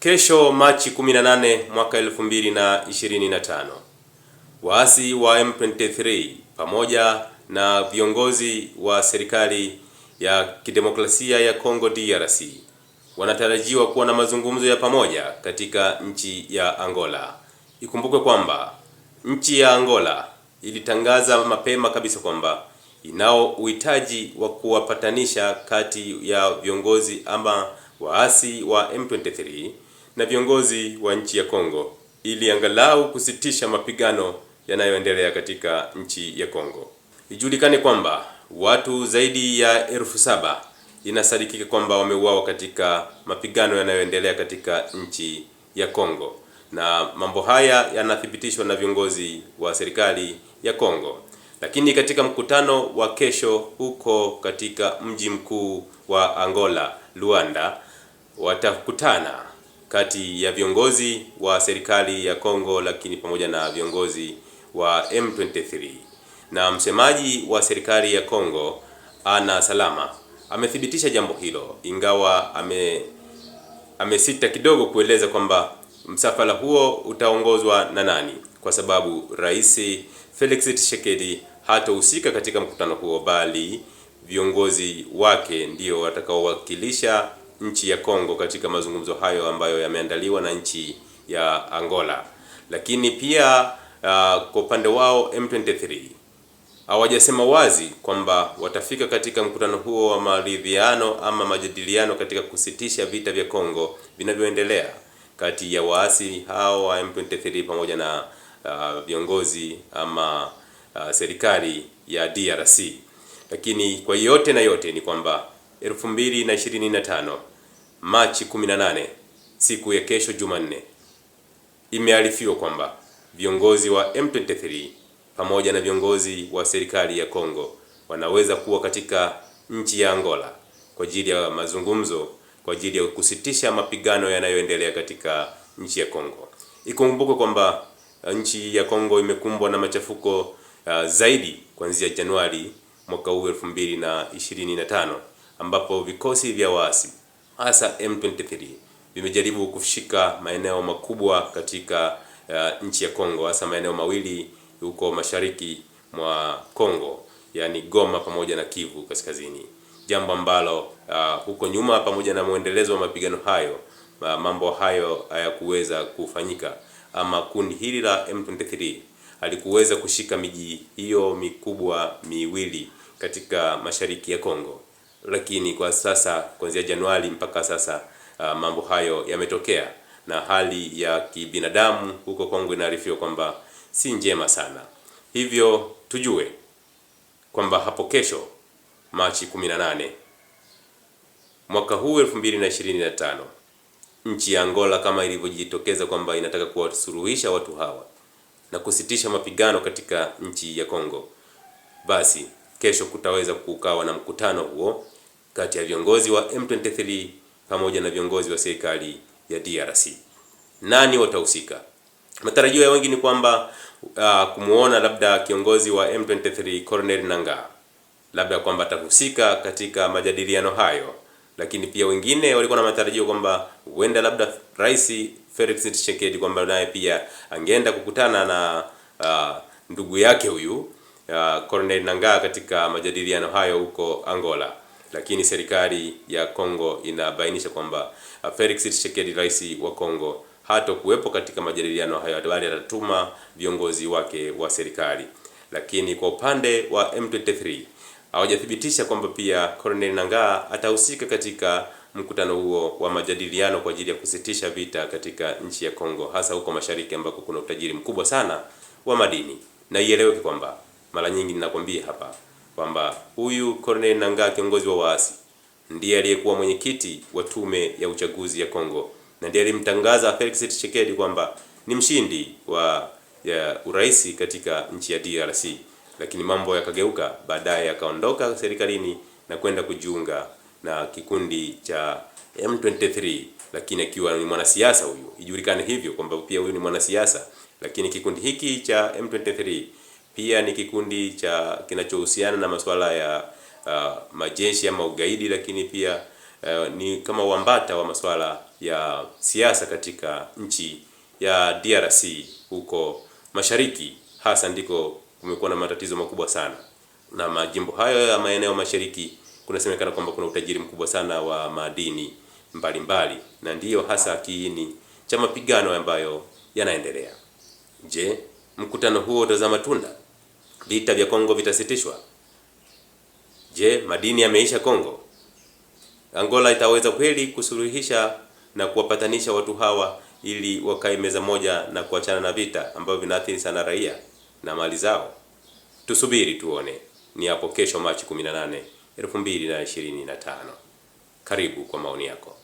Kesho Machi 18 mwaka 2025, waasi wa M23 pamoja na viongozi wa serikali ya kidemokrasia ya Kongo DRC wanatarajiwa kuwa na mazungumzo ya pamoja katika nchi ya Angola. Ikumbukwe kwamba nchi ya Angola ilitangaza mapema kabisa kwamba inao uhitaji wa kuwapatanisha kati ya viongozi ama waasi wa M23 na viongozi wa nchi ya Kongo ili angalau kusitisha mapigano yanayoendelea katika nchi ya Kongo. Ijulikane kwamba watu zaidi ya elfu saba inasadikika kwamba wameuawa katika mapigano yanayoendelea katika nchi ya Kongo, na mambo haya yanathibitishwa na viongozi wa serikali ya Kongo. Lakini katika mkutano wa kesho huko katika mji mkuu wa Angola, Luanda, watakutana kati ya viongozi wa serikali ya Kongo lakini pamoja na viongozi wa M23. Na msemaji wa serikali ya Kongo Ana Salama amethibitisha jambo hilo, ingawa ame amesita kidogo kueleza kwamba msafara huo utaongozwa na nani, kwa sababu Rais Felix Tshisekedi hatohusika katika mkutano huo, bali viongozi wake ndio watakaowakilisha nchi ya Kongo katika mazungumzo hayo ambayo yameandaliwa na nchi ya Angola. Lakini pia uh, kwa upande wao M23 hawajasema wazi kwamba watafika katika mkutano huo wa maridhiano ama majadiliano katika kusitisha vita vya Kongo vinavyoendelea kati ya waasi hao wa M23 pamoja na uh, viongozi ama uh, serikali ya DRC. Lakini kwa yote na yote ni kwamba 2025 Machi 18 siku ya kesho Jumanne, imearifiwa kwamba viongozi wa M23 pamoja na viongozi wa serikali ya Kongo wanaweza kuwa katika nchi ya Angola kwa ajili ya mazungumzo kwa ajili ya kusitisha mapigano yanayoendelea katika nchi ya Kongo. Ikumbukwe kwamba uh, nchi ya Kongo imekumbwa na machafuko uh, zaidi kuanzia Januari mwaka huu 2025 ambapo vikosi vya waasi hasa M23 vimejaribu kushika maeneo makubwa katika uh, nchi ya Kongo hasa maeneo mawili huko mashariki mwa Kongo, yani Goma pamoja na Kivu Kaskazini, jambo ambalo uh, huko nyuma pamoja na mwendelezo wa mapigano hayo mambo hayo hayakuweza kufanyika, ama kundi hili la M23 alikuweza kushika miji hiyo mikubwa miwili katika mashariki ya Kongo lakini kwa sasa kuanzia Januari mpaka sasa uh, mambo hayo yametokea na hali ya kibinadamu huko Kongo inaarifiwa kwamba si njema sana, hivyo tujue kwamba hapo kesho Machi 18 mwaka huu 2025 nchi ya Angola kama ilivyojitokeza kwamba inataka kuwasuluhisha watu hawa na kusitisha mapigano katika nchi ya Kongo, basi kesho kutaweza kukawa na mkutano huo kati ya viongozi wa M23 pamoja na viongozi wa serikali ya DRC. Nani watahusika? Matarajio ya wengi ni kwamba uh, kumuona labda kiongozi wa M23 Colonel nanga labda kwamba atahusika katika majadiliano hayo, lakini pia wengine walikuwa na matarajio kwamba huenda labda Rais Felix Tshisekedi kwamba naye pia angeenda kukutana na uh, ndugu yake huyu uh, Corneille Nangaa katika majadiliano hayo huko Angola, lakini serikali ya Kongo inabainisha kwamba uh, Felix Tshisekedi, rais wa Kongo, kuwepo katika majadiliano hayo, bali atatuma viongozi wake wa serikali. Lakini kwa upande wa M23 hawajathibitisha kwamba pia Corneille Nangaa atahusika katika mkutano huo wa majadiliano kwa ajili ya kusitisha vita katika nchi ya Kongo, hasa huko mashariki ambako kuna utajiri mkubwa sana wa madini. Na ieleweke kwamba mara nyingi ninakwambia hapa kwamba huyu Corneille Nangaa, kiongozi wa waasi, ndiye aliyekuwa mwenyekiti wa tume ya uchaguzi ya Kongo na ndiye alimtangaza Felix Tshisekedi kwamba ni mshindi wa ya urais katika nchi ya DRC, lakini mambo yakageuka. Baadaye akaondoka serikalini na kwenda kujiunga na kikundi cha M23, lakini akiwa ni mwanasiasa huyu, ijulikane hivyo kwamba pia huyu ni mwanasiasa, lakini kikundi hiki cha M23 pia ni kikundi cha kinachohusiana na masuala ya uh, majeshi ama ugaidi, lakini pia uh, ni kama uambata wa masuala ya siasa katika nchi ya DRC huko mashariki, hasa ndiko kumekuwa na matatizo makubwa sana, na majimbo hayo ya maeneo mashariki kunasemekana kwamba kuna utajiri mkubwa sana wa madini mbalimbali mbali, na ndiyo hasa kiini cha mapigano ambayo yanaendelea. Je, mkutano huo utazaa matunda? vita vya Kongo vitasitishwa? Je, madini yameisha Kongo? Angola itaweza kweli kusuluhisha na kuwapatanisha watu hawa ili wakae meza moja na kuachana na vita ambavyo vinaathiri sana raia na mali zao? Tusubiri tuone ni hapo kesho Machi 18, 2025. Karibu kwa maoni yako.